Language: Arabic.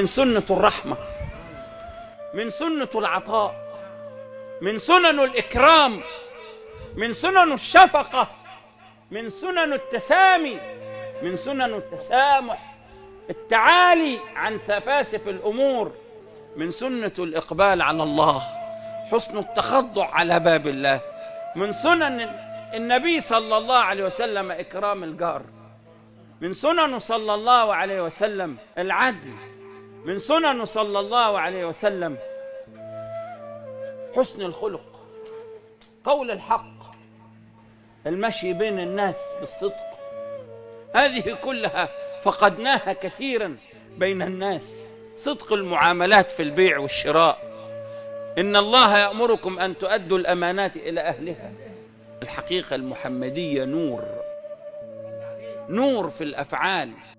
من سنة الرحمة من سنة العطاء من سنن الإكرام من سنن الشفقة من سنن التسامي من سنن التسامح التعالي عن سفاسف الأمور من سنة الإقبال على الله حسن التخضع على باب الله من سنن النبي صلى الله عليه وسلم إكرام الجار من سنن صلى الله عليه وسلم العدل من سننه صلى الله عليه وسلم حسن الخلق قول الحق المشي بين الناس بالصدق هذه كلها فقدناها كثيرا بين الناس صدق المعاملات في البيع والشراء إن الله يأمركم أن تؤدوا الأمانات إلى أهلها الحقيقة المحمدية نور نور في الأفعال